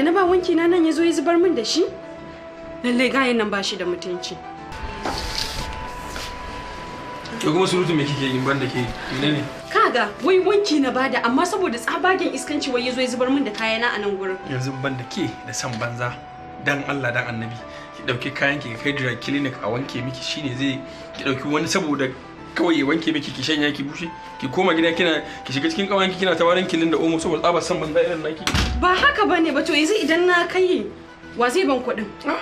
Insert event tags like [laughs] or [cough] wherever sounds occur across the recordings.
da na ba wanki na nan ya zo ya zubar min da shi lallai gayan nan ba shi da mutunci to kuma surutu me kike yin banda ke menene kaga wai wanki na bada amma saboda tsabagen iskanci wai yazo ya zubar min da kayana a nan gurin yanzu banda ke da san banza dan Allah dan annabi ki dauki kayan ki kai jira clinic a wanke miki shine zai ki dauki wani saboda kawai ya wanke miki ki shanya ki bushe ki koma gida kina ki shiga cikin kawanki kina ta warin kilin da omo saboda tsabar san banza irin naki ba haka bane ba to yanzu idan na kai wa zai ban kuɗin ah,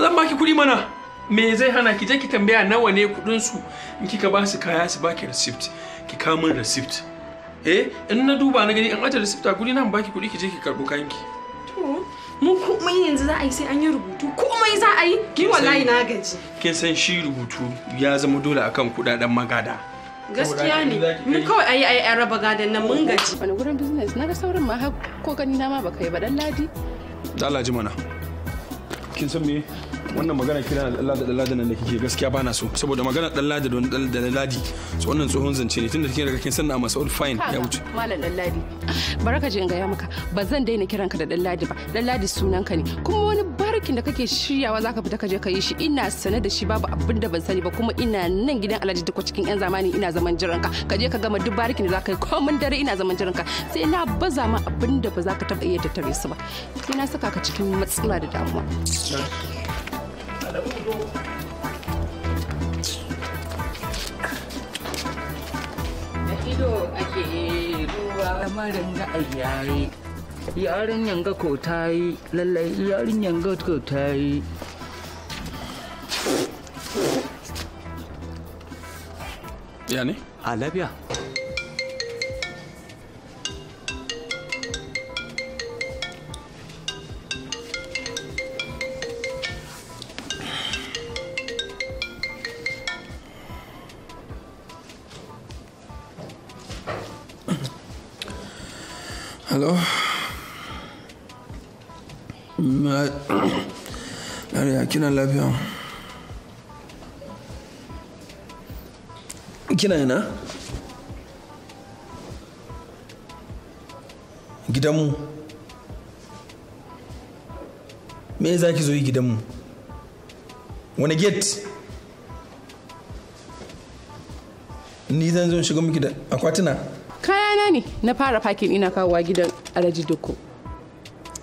zan baki kuɗi mana me zai hana ki je ki tambaya nawa ne kuɗin su in kika ba su kaya su baki receipt ki kawo min receipt eh in na duba na gani in aje receipt a kuɗi na baki kuɗi ki je ki karɓo kayanki mu komai yanzu za a yi sai an yi rubutu komai za a yi ki wallahi na gaji kin san shi rubutu ya zama dole akan kudaden magada gaskiya ne mu kawai ayi ayi an raba gadan nan mun gaji wani gurin business na ga sauran ma ko gani na ma baka yi ba dan ladi dalaji mana kin san me wannan magana kira na dallada da nan da kike gaskiya ba na so saboda magana dallada da Ladi so wannan tsohon zance ne tunda kike daga kin sanna masa fine ya wuce malam dalladi baraka ga gaya maka bazan daina daina kiranka da dalladi ba sunan sunanka ne kuma wani barkin da kake shiryawa zaka fita kaje ka yi shi ina sane da shi babu abin da ban sani ba kuma ina nan gidan alhaji duk cikin yan zamani ina zaman jiranka ka kaje ka gama duk barkin da zaka yi mun dare ina zaman jiranka sai na baza ma abin da ba zaka taba iya tattare su ba sai na saka ka cikin matsala da damuwa lamarin yarinyan ga ko ta yi lallai yarinyan ga ko ta yi ya ne a labiya. Hallo? Mariya kina lafiya? Kina yana? Gidanmu. Me za ki zo yi gidanmu? Wani gate? Ni zan zo shiga miki da akwatuna? kayana ne na fara fakin ina kawowa gidan alhaji doko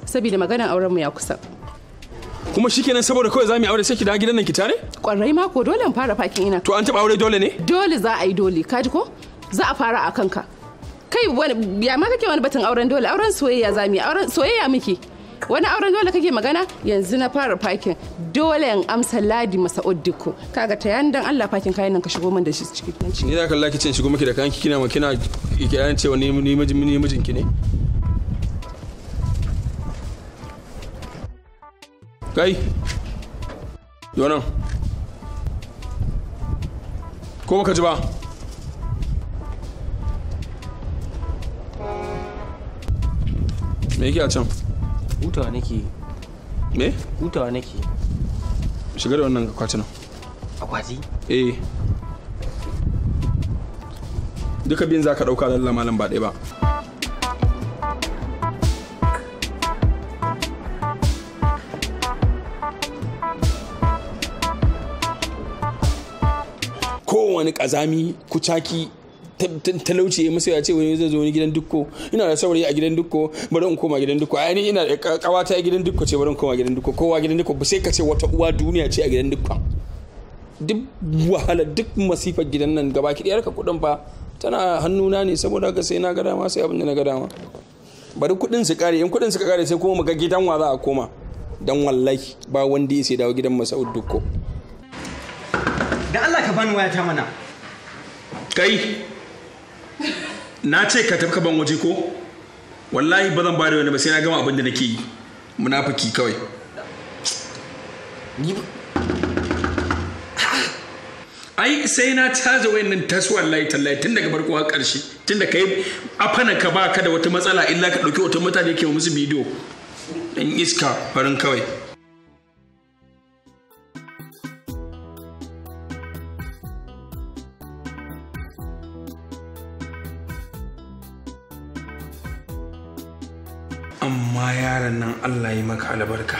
saboda maganar auren mu ya kusa kuma shikenan saboda kawai zamu aure sai ki dawo gidan nan ki tare kwarai ma ko dole in fara fakin ina to an taba aure dole ne dole za a yi dole ka ji ko za a fara a kanka kai ya ma kake wani batun auren dole auren soyayya zamu yi auren soyayya muke wani auren dole kake magana yanzu na fara fakin dole an amsa ladi masa oddiko kaga ta yan dan Allah fakin kayan nan ka shigo min da shi cikin kanci ni da kallaki kicin shigo miki da kayan kina ma kina kiran cewa ni ni mijin ni mijin ki ne kai yonan ko baka ji ba me yake a can hutawa nake me hutawa nake shiga da wannan akwatin akwati eh duka bin za ka ɗauka lalla malam ba ɗaya ba kowane ƙazami kucaki talauci ya musu ya ce wani zai zo ni gidan dukko ina da saurayi a gidan dukko bari in koma gidan dukko ai ina da kawata a gidan dukko ce bari in koma gidan dukko kowa gidan dukko sai ka ce wata uwa duniya ce a gidan dukkan duk wahala duk masifar gidan nan gaba ki ka kuɗin fa tana hannuna ne saboda ka sai na ga dama sai abin da na ga dama bari kuɗin su kare in kuɗin su kare sai kuma mu ga gidan wa za a koma dan wallahi ba wanda ya sai dawo gidan Masaud dukko da Allah ka bani wayata mana kai na ce ka tafi kaban waje ko wallahi ba zan ba da wani ba sai na gama abin da nake yi munafiki kawai ai sai na caza nan taswar layi tallahi tun daga farko har karshe tun da kai afana ka ba ka da wata matsala illa ka dauki wata mutane ke musu bidiyo dan iska farin kawai amma yaran nan allah yi maka albarka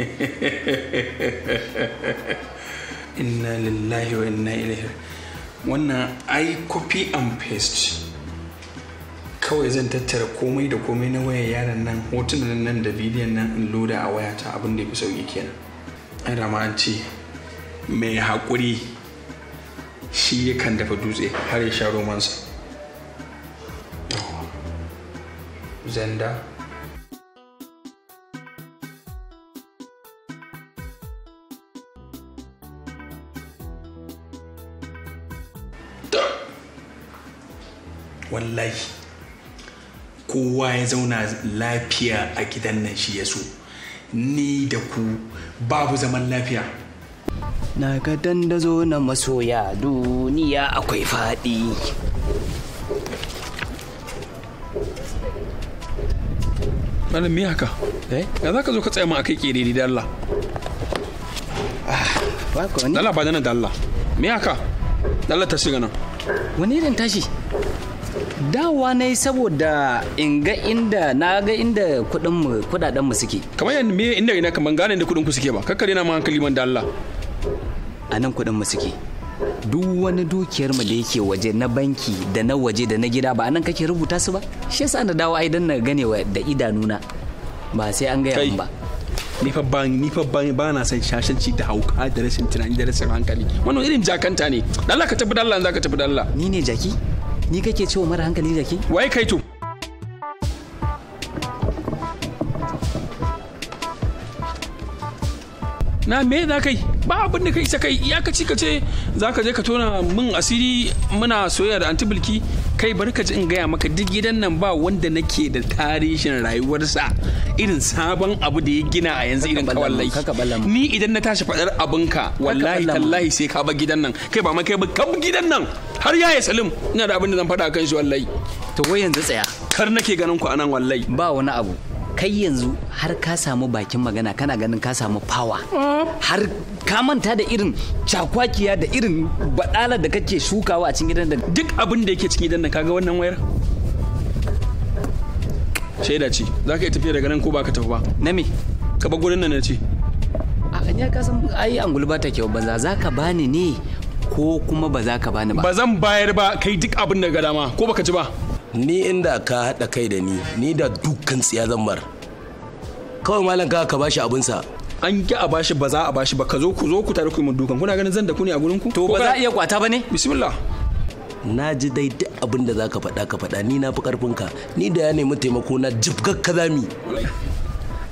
[laughs] inna lillahi wa inna ilaihi wannan ai copy and paste kawai zan tattara komai da komai na wayar yaran nan hotunan nan da bidiyon nan in loda a wayata abin da ya fi sauki kenan ai rama ce mai haƙuri shi yakan dafa dutse har ya sha romansa zanda wallahi kowa ya zauna lafiya a gidan nan shi ya so ni da ku babu zaman lafiya na ga dandazo na masoya duniya akwai faɗi malam me haka eh ya za ka zo ka tsaye ma akai kere da Allah ah, ba ka wani ba nan da Allah me haka da ta shiga nan wani irin tashi dawa na yi saboda in ga inda na ga inda kuɗin mu mu suke kamar yadda me inda ina kamar gane da kudin ku suke ba kakkare na ma hankali man da Allah nan kuɗin mu suke duk wani dukiyar mu da yake waje na banki da na waje da na gida ba nan kake rubuta su ba shi yasa na dawo ai dan na gane da idanuna ba sai an gaya min ba ni fa ban ni fa ban ba na san shashanci da hauka da rashin tunani da rashin hankali wannan irin jakanta ne Allah ka dan Allah za ka tafi Allah ni ne jaki ni kake cewa mara hankali jaki wai kai to na me za kai ba abin da kai sa kai ya ka ce za ka je ka tona min asiri muna soyayya da antibulki kai bari ka ji in gaya maka duk gidan nan ba wanda nake da tarihin rayuwarsa irin sabon abu da ya gina a yanzu irin kawallai ni idan na tashi faɗar ka wallahi tallahi sai ka ba gidan nan kai ba ma kai ba ka gidan nan har ya ya salim ina da abin da zan fada kan shi wallahi to wai yanzu tsaya kar nake ganin ku anan wallahi ba wani abu kai yanzu har ka samu bakin magana kana ganin ka samu fawa har ka manta da irin cakwakiya da irin badala da kake shukawa a cikin gidan da duk abin da yake cikin gidan nan kaga wannan wayar shaida ce za ka yi tafiya daga nan ko ba ka tafi ba na me ka bar gurin nan ce a ya ka san ai angulu ba ta kyau banza za ka bani ne ko kuma ba za ka bani ba ba zan bayar ba kai duk abin da ga dama ko baka ci ba ni inda ka haɗa kai da ni ni da dukkan tsiya zammar kawai malam ka ka bashi abinsa an ki a bashi ba za a bashi ba ka zo ku zo ku tare ku yi dukan kuna ganin zan da ku ne a gurin ku to ba za a iya kwata ba ne bismillah na ji dai duk abin da za ka faɗa ka faɗa ni na fi ƙarfinka ni da ya nemi taimako na jibgar kazami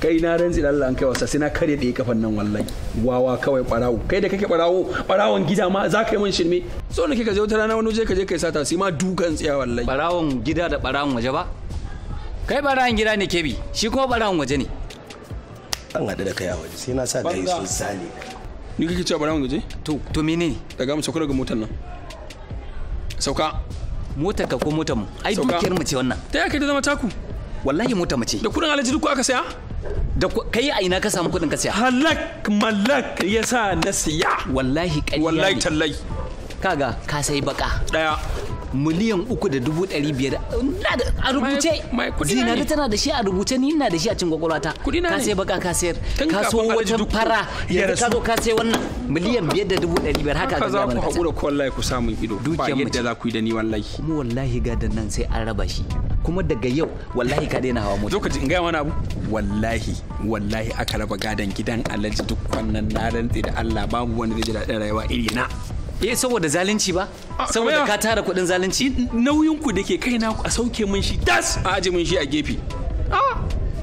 kai na rantsi da Allah an kai wasa sai na kare da kafan nan wallahi wawa kawai barawo kai da kake barawo barawon gida ma za ka yi mun shirme so ne kika je wata rana wani je ka je kai sata sai ma dukan tsiya wallahi barawon gida da barawon waje ba kai barawon gida ne kebi shi kuma barawon waje ne an haɗu da kai a waje sai na sa da yaso zane ni kike cewa barawon waje to to menene daga mu sauka daga motar nan sauka motar ka ko motar mu ai dukiyar mu ce wannan ta yake da zama taku wallahi motar mu ce da kudin alaji duk aka saya da kai a ina ka samu kudin ka siya halak malak sa na siya wallahi ƙarya wallahi tallai kaga ka sai baka daya miliyan uku da dubu ɗari biyar a rubuce zinari tana da shi a rubuce ni ina da shi a cin kwakwalwata ka sai baka ka sayar ka so wajen fara yadda ka zo ka sai wannan miliyan biyar da dubu ɗari biyar haka ga mana ka za ku haƙura ko wallahi ku samun ido ba yadda za ku yi da ni wallahi kuma wallahi ga nan sai an raba shi kuma daga yau wallahi ka daina hawa mota lokaci in gaya wani abu wallahi wallahi aka raba gadon gidan alhaji duk wannan na rantsi da Allah babu wani zai ji daɗin rayuwa iri na eh saboda zalunci ba ah, saboda ka tara kuɗin zalunci nauyin ku dake kaina a sauke mun shi das a aje mun shi a gefe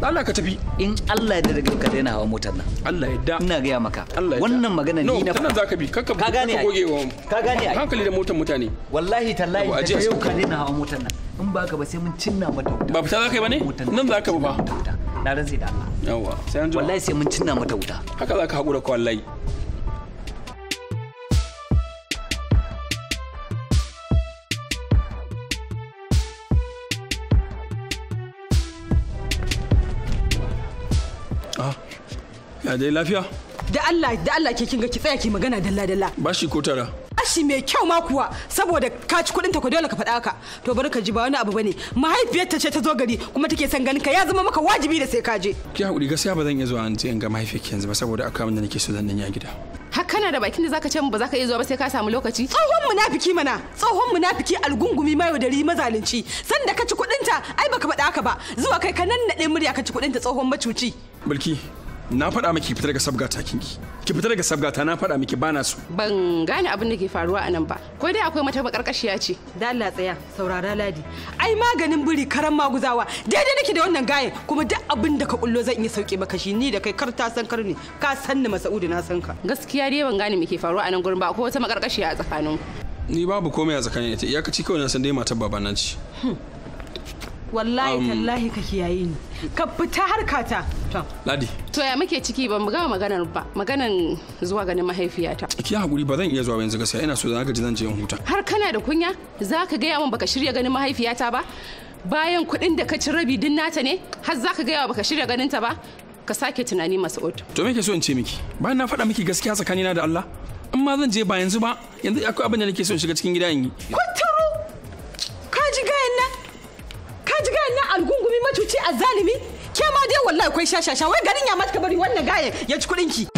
Allah ka tafi in Allah da daga ka daina hawa motar nan Allah ya da ina gaya maka Allah wannan magana ni na nan zaka bi kakka ka gane ka gane hankali da motar mutane wallahi tallahi da yau ka daina hawa motar nan in ba ka ba sai mun cinna mata wuta ba fita zaka yi bane nan zaka ba na rantsi da Allah Yawwa. sai an wallahi sai mun cinna mata wuta haka zaka hakura ko wallahi Ah, ya dai lafiya? Da Allah, da Allah ke kin ga ki tsaya ki magana dalla dalla. Bashi ko tara? Ashi mai kyau ma kuwa saboda ka ci kuɗin ta ko dole ka faɗa haka. To bari ka ji ba wani abu bane. Mahaifiyarta ce ta zo gari kuma take son ganin ka ya zama maka wajibi da sai ka je. Ki hakuri gaskiya ba zan iya zuwa an ce in ga mahaifiyarki yanzu ba saboda akwai abin da nake so zan yi gida. har kana da bakin da zaka ce mu ba zaka iya zuwa ba sai ka samu lokaci tsohon munafiki mana tsohon munafiki algungumi mai da rima zalunci sanda ka ci ta ai baka faɗa haka ba zuwa kai ka nan naɗe murya ka ci kudinta tsohon macuci bilki na faɗa miki fita daga sabga kinki ki ki fita daga sabga ta na faɗa miki bana su. ban gane abin da ke faruwa a nan ba ko dai akwai mata bakarkashiya ce dalla tsaya saurara ladi ai maganin buri karan maguzawa daidai nake da wannan gayen kuma duk abin da ka kullo zan iya sauke maka shi ni da kai kar ta san kar ne ka san ni Masaudu na san ka gaskiya dai ban gane me ke faruwa a nan gurin ba ko wata makarkashiya a tsakanin ni babu komai a tsakanin ita kaci kawai na san dai matar nan ce hmm. wallahi um, tallahi ka kiyaye ni ka fita harkata Ladi. To ya muke ciki ban mu gama maganar ba maganar zuwa ganin mahaifiyata. Ki hakuri ba zan iya zuwa yanzu gaskiya ina so zan gaji zan je huta. Har kana da kunya za ka gaya min baka shirya ganin mahaifiyata ba? Bayan kuɗin da ka ci rabi din nata ne har za ka gaya baka shirya ganin ta ba? Ka sake tunani ot. To me ke so in ce miki? Bayan na faɗa miki gaskiya tsakanina da Allah. In ma zan je ba yanzu ba yanzu akwai abin da nake so in shiga cikin gida in yi. Kwata wallahi kai shashasha wai garin ya mata bari wannan gayen ya ci kudin ki